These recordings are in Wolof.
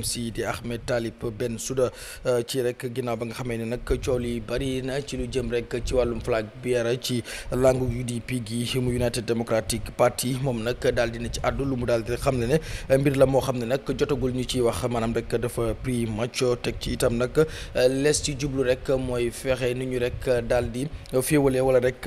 si di Ahmed Talib Ben Souda euh, ci rek ginnaaw ba nga xamee ne nag coow li bari na ci lu jëm rek ci wàllum flag bi yara ci langu UDP gi mu United Democratic Party moom nag daal dina ci àddu lu mu daal di xam ne ne mbir la moo xam ne nag jotagul ñu ci wax maanaam rek dafa prix match teg ci itam nag les ci jublu rek mooy fexe ni ñu rek daal di féewale wala rek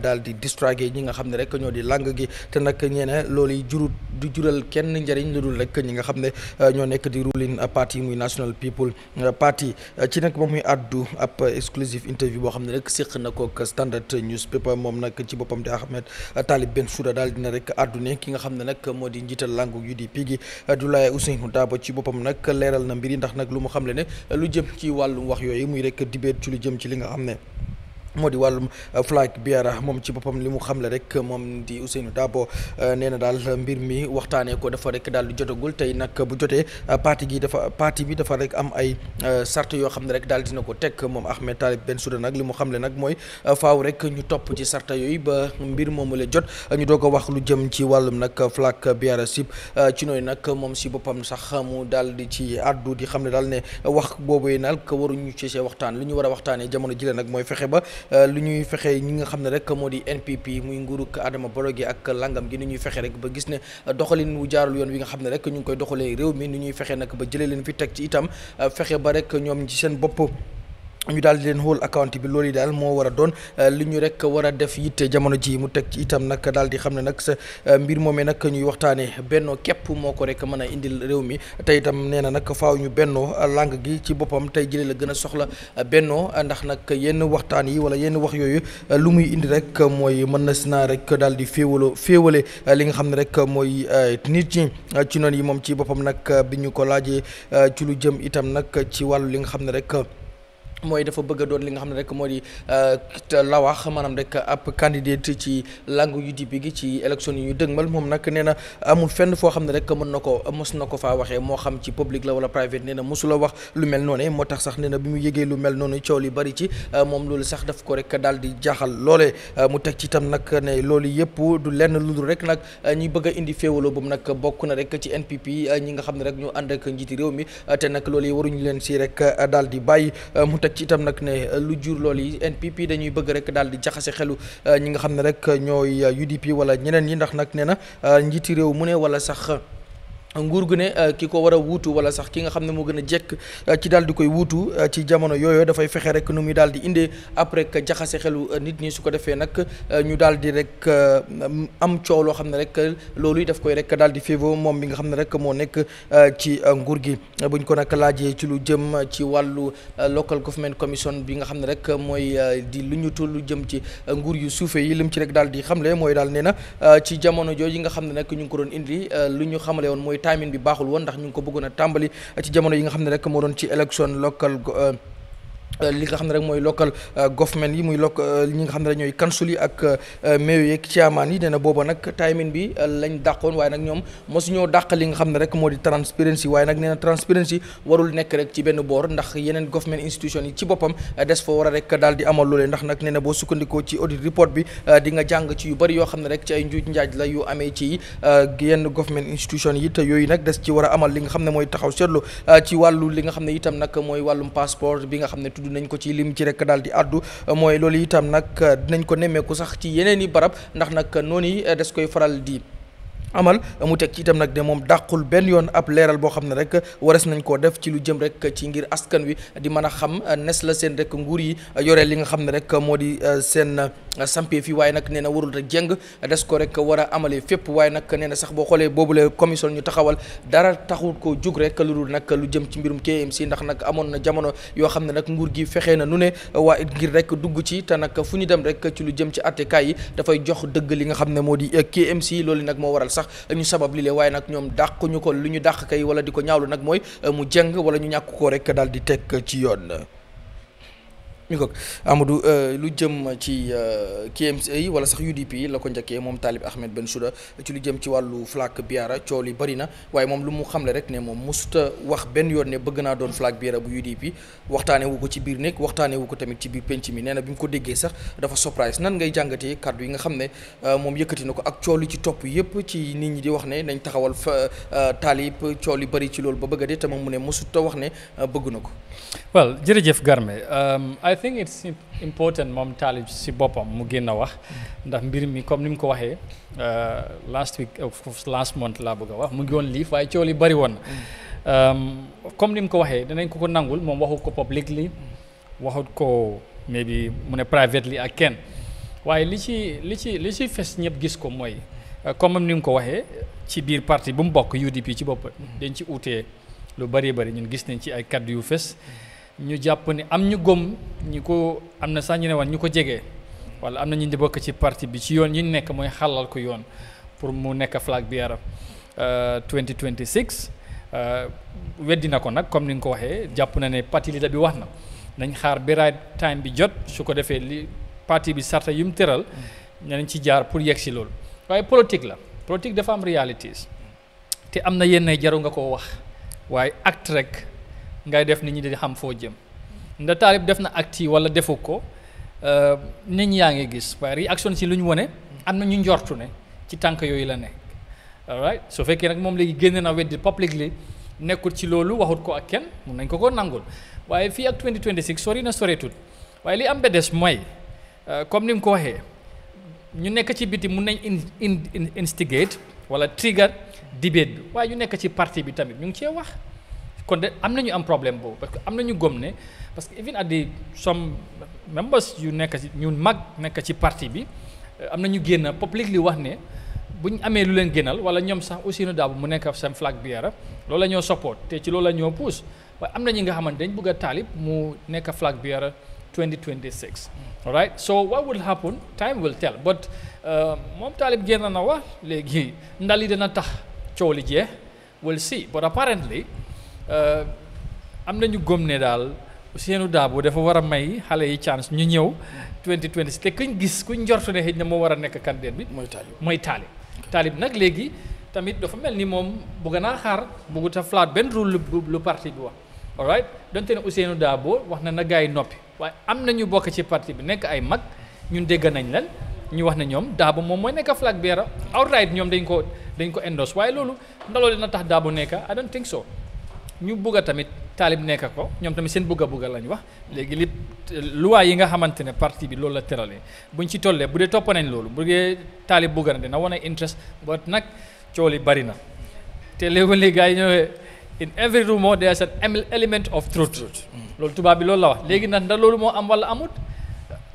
daal di distragué ñi nga xam ne rek ñoo di lang gi te nag ñee ne loolu du jural kenn njëriñ lu rek ñi nga xam ne ñoo ruling party muy National People Party ci nag moom muy addu ab exclusive interview boo xam ne rek séq na ko ak Standard Newspaper moom nag ci boppam di Ahmed benn Bensouda daal dina rek addu ne ki nga xam ne nag moo di njiital langu UDP gi Abdoulaye Ousainou Darboe ci boppam nag leeral na mbir mbiri ndax nag lu mu xam le ne lu jëm ci wàllum wax yooyu muy rek dibéer ci lu jëm ci li nga xam ne moo di wàllum euh, Flag Biara moom ci boppam li mu xamle rek moom di Ousseynou Dabo euh, nee na daal mbir mi waxtaanee ko dafa rek daal di jotagul tey nag bu jotee euh, parti gi dafa parti bi dafa rek am ay sart yoo xam ne rek daal dina ko teg moom Ahmed benn Bensouda nag li mu xamle nag mooy faw rek ñu topp ci sarta yooyu ba mbir moomu la jot ñu doog a wax lu jëm ci wàllum nag Flag Biara sib ci nooy nag moom si boppam sax mu daal di ci addu di xam ne daal ne wax boobu yi nag waruñu ci see waxtaan li ñu war a waxtaanee jamono jile nag mooy fexe ba. Euh, lu ñuy fexe ñi nga xam ne rek moo di NPP muy nguuruk Adama Barrow gi ak langam gi ni ñuy fexe rek ba gis ne doxalin wu jaarul yoon wi nga xam ne rek ñu ngi koy doxalee réew mi nu ñuy fexe nag ba jëlee leen fi teg ci itam euh, fexe ba rek ñoom ci seen bopp ñu daal di leen xool account bi loolu yi daal moo war a doon euh, li ñu rek war a def yitte jamono ji mu teg ci itam nag daal di xam ne nag sa euh, mbir moomee nag ñuy waxtaanee bennoo képp moo ko rek mën a indil réew mi tey itam nee na nag faaw ñu bennoo langue gi ci boppam tey jëlee la gën a soxla bennoo ndax nag yenn waxtaan yi wala yenn wax yooyu euh, lu muy indi rek mooy mën na si naa rek daal di féewaloo féewale li nga xam ne rek mooy nit ñi ci noonu yi moom ci boppam nag bi ñu ko laajee ci lu jëm itam nag ci wàllu li nga xam ne rek. mooy dafa bëgg doon li nga xam ne rek moo di euh, la wax maanaam rek app candidate ci langue UDP gi ci élection yu ñu dëgmal moom nag nee na amul fenn foo xam ne rek mën na ko mos ko faa waxee moo xam ci public la wala private nee na mosula wax lu mel noonu moo tax sax nee na bi mu yëgee lu mel noonu coow li bari ci euh, moom loolu sax daf ko rek daal di jaaxal loolee euh, mu teg ci itam nag ne loolu yëpp du lenn lu rek nag ñi bëgg indi féewaloo boobu nag bokk na rek ci NPP ñi nga xam ne rek ñu ànd ak njiiti réew mi te nag loolu yi waruñu leen si rek daal di bàyyi mu teg jàngat ci itam nag ne euh, lu jur loolu yi NPP dañuy bëgg rek daal di jaxase xelu euh, ñi nga xam ne rek ñooy UDP euh, wala ñeneen yi ndax nag ne na njiiti réew mu ne wala sax nguur gi ne euh, ki ko war a wuutu wala sax ki nga xam ne moo gën a jekk euh, ci daal di koy wuutu euh, ci jamono yooyu dafay fexe rek nu muy daal di indee après que jaxase xelu nit ñi su ko defee nag ñu daal di rek am coow loo xam ne rek loolu daf koy rek daal di févo moom bi nga xam ne rek moo nekk ci nguur gi buñ ko nag laajee ci lu jëm ci wàllu local government commission bi nga xam ne rek mooy di lu ñu tul lu jëm ci nguur yu suufe yi lim ci rek daal di xamle mooy daal nee na ci jamono jooju nga xam ne nag ñu ngi ko doon indi lu ñu xamale woon mooy timing bi baaxul woon ndax ñu ngi ko bëggoon a tàmbali ci jamono yi nga xam ne rek moo doon ci élection locale euh, Euh, li nga xam ne rek mooy local euh, government yi muy lok euh, xam ne rek ñooy council yi ak mayor yeeg ñoom mosu ñoo li nga xam ne rek moo di transparency waaye nag nee na transparency warul nekk rek ci benn boor ndax yi ci boppam des fa war a ne rek ci ay njuuj yooyu nag des a li nga xam ne mooy taxaw seetlu ci wàllu li nga xam ne itam nag mooy wàllum passeport bi nga xam ne tudd nañ ko ci lim ci rek daal di addu mooy loolu itam nag dinañ ko nemmeeku sax ci yeneen i barab ndax nag noonu des koy faral di. amal mu teg ci itam nag de moom dàqul benn yoon ab leeral boo xam ne rek wares nañ koo def ci lu jëm rek ci ngir askan wi di mën a xam nes la seen rek nguur yi yore li nga xam ne rek moo di euh, seen sampe fii waaye nag nee na warul rek jëng des ko rek war a amalee fépp waaye nag nee na sax boo xoolee la commission ñu taxawal dara taxul ko jug rek lu dul nag lu jëm ci mbirum KMC ndax nag amoon na jamono yoo xam ne nag gi fexee na nu ne waa ngir rek dugg ci te nag fu ñu dem rek ci lu jëm ci attekaay yi dafay jox dëgg li nga xam ne moo di KMC loolu nag moo waral sax ñu sabab li lee waaye nag ñoom dàq ñu ko lu ñu dàq kay wala di ko ñaawlu nag mooy mu jëng wala ñu ñàkk ko rek daal di teg ci yoon mi ko amadou euh, lu jëm ci euh, KMC wala sax UDP la ko njëkkee moom Talib Ahmed Bensouda ci lu jëm ci walu flag biara coow Barina. bari na waaye moom lu mu xamle rek ne moom musta wax ben yoon bëgg doon flag biara bu UDP waxtaane wu ko ci biir nekk waxtaane wu ko tamit ci biir penc mi nee na ko sax dafa surprise nan ngay jàngatee kàddu yi nga xam ne euh, moom yëkkati ak coow ci topp yépp ci nit ñi di wax ne nañ taxawal Talib coow li bari ci loolu ba bëgg a dee mu ne musuta wax ne bëgg well jërëjëf Garme um, I think it's important mom Talib ci bopam mu genna wax ndax mbir mi comme nim ko waxe euh, last week of last month la bëgg wax mu ngi won liif waaye cioli bari won um comme nim ko ko ko nangul mom waxu ko publicly waxut ko maybe mu ne privately ak ken waye li ci li ci li ci fess ñep gis ko moy euh, comme nim ko waxe ci bir parti bu UDP ci bop dañ ci outé lu bari bari ñun gis nañ ci ay yu fess ñu jàpp ni am ñu góom ñi ko am na sax ñu ne woon ñu ko jegee wala am na ñu di bokk ci parti bi ci yoon yi ñu nekk mooy xalal ko yoon pour mu nekk flag bearer euh, 2026 euh, weddi na ko nag comme ni nga ko waxee jàpp na ne parti leader bi wax na nañ xaar ba right time bi jot su ko defee li parti bi sarta yu mu tëral nañ ci jaar pour yegg si loolu waaye politique la politique dafa am realities te am na yenn jaru nga koo wax waaye acte rek. ngay def ni ñu di xam foo jëm nda taalib def na acte wala defu ko euh, nit ñi yaa ngi gis waaye réaction si lu ñu wone am na ñu njortu ne ci tànk yooyu la nekk alright su fekkee nag moom léegi génne na weddi publicly nekkul ci loolu waxut ko ak kenn mun nañ ko ko nangul waaye fii ak 2026 sori na soreetut waaye li am ba des mooy euh, comme ni mu ko waxee ñu nekk ci biti mun nañ in instigate wala trigger debate bi waaye ñu nekk ci parti bi tamit ñu ngi cee wax kon de am nañu am problème boobu parce que am nañu ne parce que even at the some members yu nekk ci ñun mag nekk ci parti bi eh, am nañu génn public li wax ne buñ amee lu leen gënal wala ñoom sax aussi nu daabu mu nekk seen flag biara, loolu la ñoo support te ci loolu la ñoo pousse waaye am na ñi nga xamante dañ bëgg a taalib mu nekk flag biara 2026 all right so what will happen time will tell but eh, moom taalib génn na wax léegi ndali dina tax coow li jeex we'll see but apparently Euh, am nañu góom ne daal Ousseynou daaboo dafa war a may xale yi chance ñu ñëw 2020 te kuñ gis kuñ njortu ne xëy na moo war a nekk candidat bi. mooy taalib mooy taalib. taalib nag léegi tamit dafa mel ni moom bëgg naa xaar bëggut a flat benn rôle lu parti bi wax. all right donte ne Ousseynou Dabo wax na na gars yi noppi waaye am na ñu bokk ci parti bi nekk ay mag ñun dégg nañ lan ñu wax na ñoom Dabo moom mooy nekk flag bearer outright ñoom dañ ko dañ ko endosse waaye loolu ndaloo dina tax Dabo nekk I don't think ñu bugg a tamit taalib nekk ko ñoom tamit seen bugg a bugg lañ wax léegi li loi yi nga xamante ne parti bi loolu la tëralee buñ ci tollee bu dee topp nañ loolu bu dee taalib bugg na dina wane interest ba nag coow li bari na te léegi gars yi ñëwee in every rumor there is an hmm. loolu tubaab bi loolu la wax léegi nag ndax loolu moo am wala amut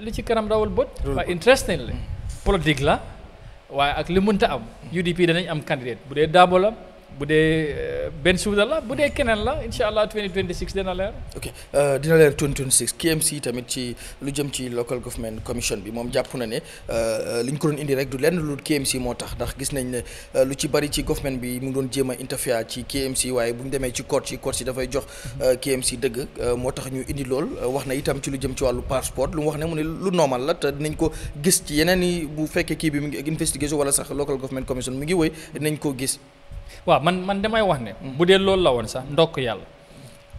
li ci kanam rawal bët waaye interesting la hmm. politique la waaye ak li mënta am UDP danañ am candidate bu dee Dabo la bu dee euh, benn Bensouda la bu dee keneen la incha allah 2026 dina leer. ok euh, dina leer 2026 KMC tamit ci lu jëm ci local government commission bi moom jàpp na ne euh, li ñu ko doon indi rek du lenn lu KMC moo tax ndax gis nañ ne lu ci bari ci government bi mu ngi doon jéem a interfere ci KMC waaye bu ñu demee ci court ci court si dafay jox KMC dëgg moo tax ñu indi lool wax na itam ci lu jëm ci wàllu passeport lu wax ne mu ne lu normal la te ko gis ci yeneen yi bu fekkee kii bi mu ngi investigation wala sax local government commission mi ngi wéy dinañ ko gis. waaw man man damay wax ne. bu dee loolu la woon sax ndokk yàlla.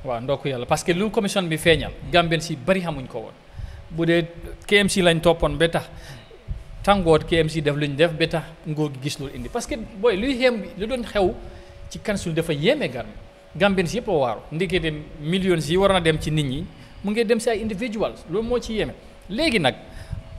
waaw ndokk yàlla parce que lu commission bi feeñal. Gambien si bari xamuñ ko woon. bu dee KMC lañ toppoon ba tax tàngoor KMC def lu ñu def ba tax nguur gis loolu indi parce que booy luy xeem lu doon xew ci kansul dafa yéeme gar Gambien si yëpp a waaru ndekete millions yi war a dem ci nit ñi mu ngi dem si ay individuals loolu moo ci yéeme léegi nag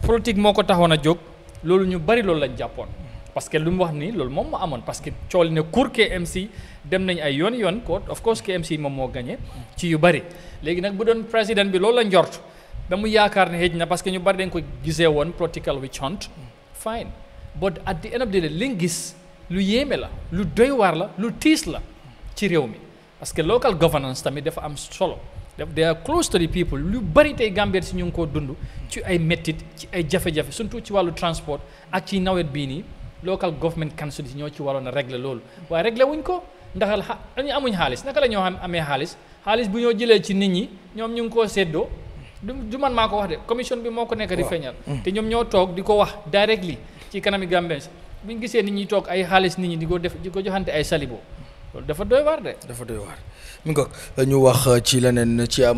politique moo ko taxoon a jóg loolu ñu bari loolu lañ jàppoon. parce que lu mu wax nii loolu moom moo amoon parce que cool ne cour KMC dem nañ ay yoon yoon court of course KMC moom moo gagné ci yu bëri léegi nag bu doon président bi loolu la njort ba yaakaar ne xëj na parce que ñu bëri dañ ko gisee woon political witch hunt fine but at the end of the day li nga gis lu yéeme la lu doy waar la lu tiis la ci réew mi parce que local governance tamit dafa am solo they are close to the people lu bari tey Gambien si ñu ngi koo dund ci ay mettit ci ay jafe surtout ci wàllu transport ak ci nawet bii nii local government council yi ñoo ci waroon a régler loolu waaye régler wuñ ko ndax xa amuñ xaalis naka la ñoo am amee xaalis xaalis bu ñoo jëlee ci nit ñi ñoom ñu ngi koo maa ko wax de commission bi moo ko nekk di feeñal mm. te ñoom ñoo toog di ko wax directly ci kanami Gambians bu ñu gisee nit ñi toog ay xaalis nit ñi di ko def di ko joxante ay salibo loolu dafa doy waar de dafa doy waar mi ngi ko ñu wax ci leneen ci am